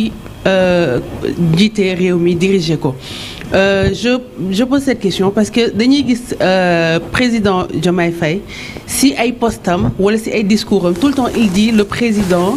euh, euh je pose cette question parce que le euh, président de Faye si ay postam ou si ay discours tout le temps il dit le président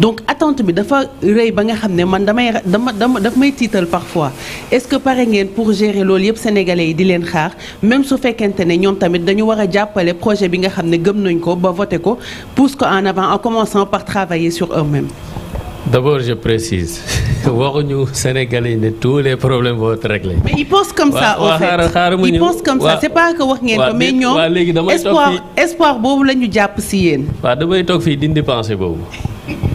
donc attente bi dafa rëy ba nga xam ne man damay dama parfois est-ce que par exemple, pour gérer loolu yëpp sénégalais yi di leen même su vous ne ñoom tamit dañu war a jàppale projet bi nga xam ne nañ ko ba voté ko pousse en avant en commençant par travailler sur eux-mêmes. D'abord, je précise, nous Sénégalais tous les problèmes vont être réglés. Mais ils pensent comme ça, en fait. Ils pensent comme ça. C'est pas que wax ngeen ko, mais ñoom espoir espoir boobu la ñu jàpp si yéen. waaw damay toog que dindi pensée boobu.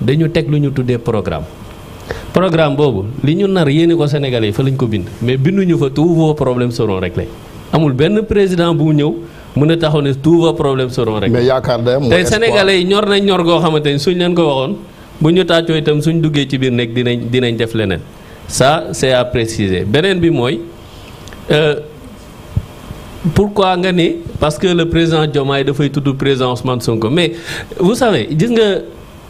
dañu teg lu ñu tuddee programme programme boobu li ñu nar yéene ko Sénégalais yi fa lañ ko bind mais binduñu fa tous vos problèmes seront réglés amul benn président bu ñëw mun a taxaw ne tous vos problèmes seront réglés. mais yaakaar day am tey Sénégalais yi ñor nañ ñor goo xamante ni suñ leen ko waxoon bu ñu tàccoo itam suñ duggee ci biir nekk dinañ dinañ def leneen ça c'est à préciser beneen bi mooy. Euh, pourquoi nga ni parce que le président Diomaye dafay tudd président Ousmane Sonko mais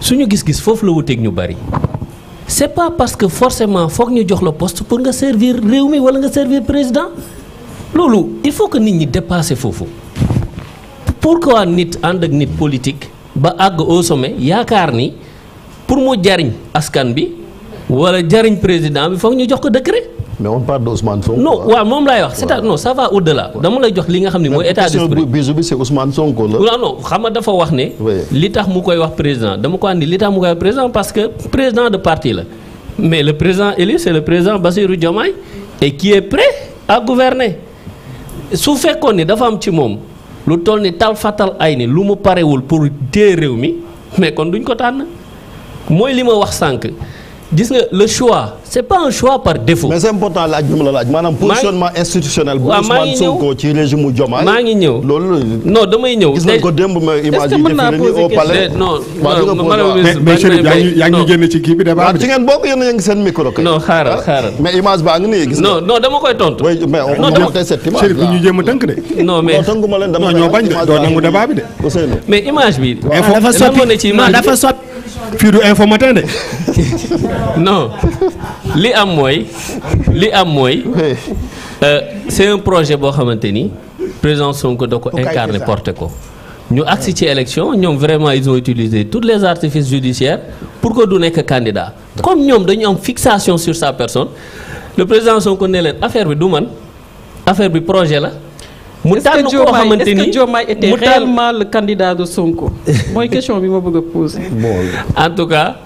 suñu gis-gis foofu la wuteeg ñu bari c'est pas parce que forcément foog ñu jox la poste pour nga servir réew mi wala nga servir président loolu il faut que nit ñi dépasser foofu pourquoi nit ànd ak nit politique ba àgg au sommet yaakaar ni pour mu jariñ askan bi wala jariñ président bi foog ñu jox ko décret mais on parle d'Ousmane Sonko. non hein. waaw moom laay wax c'est non ça va au-delà. dama lay jox li nga xam ne état d'esprit bisu c'est Ousmane Sonko non non xam nga dafa wax ne. li tax mu koy wax président dama ko andi li tax mu koy président parce que président de parti là. mais le président élu c'est le président Bassirou Diomaye et qui est prêt à gouverner su fekkoon ni dafa am ci moom lu toll ni tal fatal ay ni lu mu pour téye mais kon duñ ko tànn mooy li ma wax sànq dis nga le choix c'est pas un choix par défaut. mais c'est important positionnement institutionnel. non non mais non non non mais image non non. li am moy li am euh, c'est un projet bo xamanteni Le président Sonko a incarné porté ko ñu agsi ci élection ñom vraiment ils ont utilisé tous les artifices judiciaires pour que du nek candidat comme ñom dañu am fixation sur sa personne le président Sonko ne leen affaire bi du man affaire bi projet la est-ce que Diomaye était réellement le candidat de Sonko mooy question que je bëgg poser en tout cas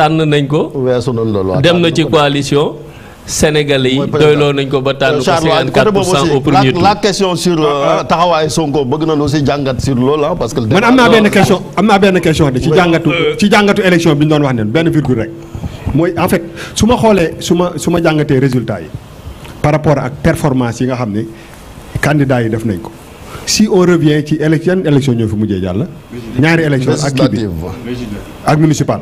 tànn nañ ko. weesu nañ loolu dem na ci coalition. Sénégalais yi doyloo nañ ko ba tànn ko 54 pour cent au premier tour la question sur euh, ah, ah. taxawaay Sonko bëgg nañ aussi jàngat sur loolu ah, parce que. man am naa benn question am naa benn question de ci jàngatu. Euh. ci jàngatu élection bi ñu doon wax ne benn virgule rek. mooy en fait su ma xoolee su ma su ma jàngatee résultats yi par rapport ak performance yi nga xam ne candidats yi def nañ ko. si on revient ci élection élection ñoo fi mujjee jàll. ñaari élection ak kii bi ak municipal.